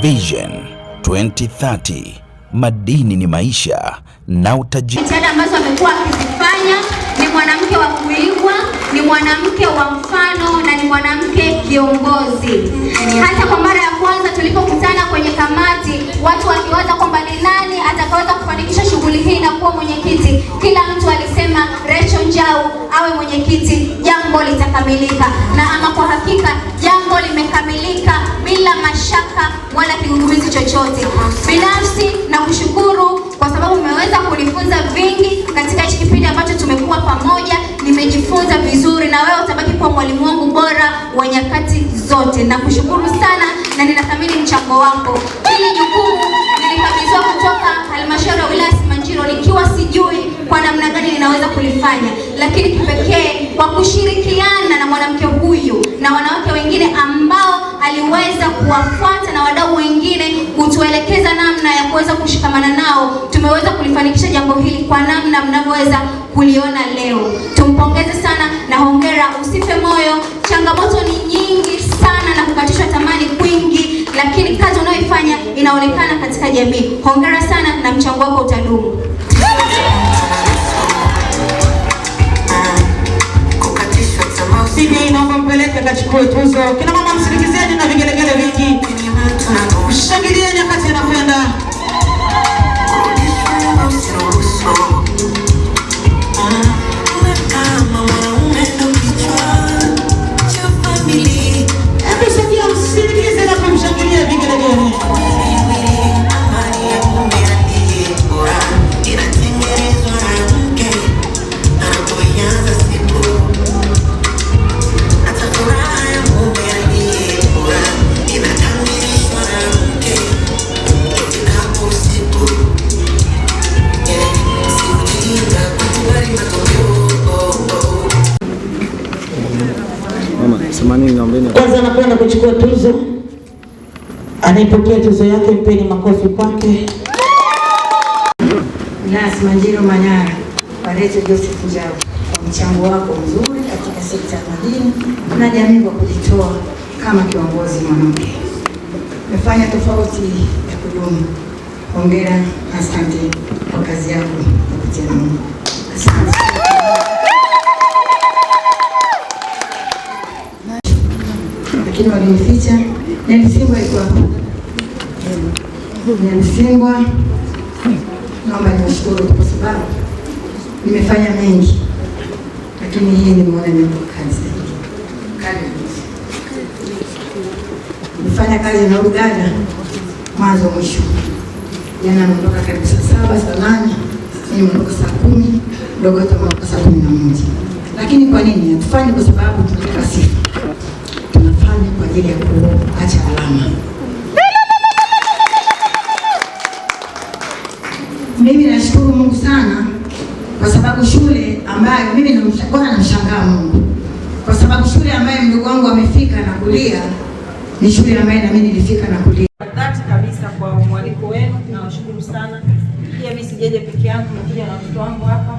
Vision 2030 madini ni maisha na utajiri. Jitihada ambazo amekuwa akizifanya ni mwanamke wa kuigwa, ni mwanamke wa mfano na ni mwanamke kiongozi. Hata kwa mara ya kwanza tulipokutana kwenye kamati, watu wakiwaza kwamba ni nani atakaweza kufanikisha shughuli hii na kuwa mwenyekiti, kila mtu alisema Rachel Njau awe mwenyekiti, jambo litakamilika. Na ama kwa hakika jambo limekamilika bila mashaka wala kigugumizi chochote. Binafsi na kushukuru kwa sababu umeweza kunifunza vingi katika hichi kipindi ambacho tumekuwa pamoja. Nimejifunza vizuri, na wewe utabaki kuwa mwalimu wangu bora wa nyakati zote. Nakushukuru sana na ninathamini mchango wako. Hili jukumu nilikabidhiwa kutoka halmashauri ya wilaya Simanjiro nikiwa sijui kwa namna gani ninaweza kulifanya, lakini kipekee ambao tumeweza kulifanikisha jambo hili kwa namna mnavyoweza kuliona leo. Tumpongeze sana na hongera, usife moyo. Changamoto ni nyingi sana na kukatishwa tamani kwingi, lakini kazi unayoifanya inaonekana katika jamii. Hongera sana na mchango wako utadumu. Naomba mpeleke kachukue tuzo. Kina mama msindikizieni na vigelegele vingi. Shangilieni. Kwanza anakwenda kuchukua tuzo, anaipokea tuzo yake, mpeni makofi kwake. Nas Manjiro Manyara, Pareto Joseph Njau, kwa mchango wako mzuri katika sekta ya madini na jamii kwa kujitoa kama kiongozi mwanamke. Umefanya tofauti ya kudumu. Hongera, asante kwa kazi yako na kutia Mungu. Asante. wengine walimficha. Nyansingwa iko hapa, Nyansingwa, naomba niwashukuru kwa sababu nimefanya mengi, lakini hii nimeona ni kazi zaidi. Nimefanya kazi na udada mwanzo mwisho. Jana naondoka karibu saa saba saa nane ondoka saa kumi, dogo saa kumi na moja. Lakini kwa nini hatufanyi? Kwa sababu tunataka sifa kwa ajili ya kuacha alama. Mimi nashukuru Mungu sana kwa sababu shule ambayo mimi namshakona, namshangaa Mungu kwa sababu shule ambayo mdogo wangu amefika na kulia ni shule ambayo nami nilifika na kulia. Dhati kabisa kwa mwaliko wenu, nawashukuru sana. Pia mimi sijaje peke yangu, nimekuja na watoto wangu hapa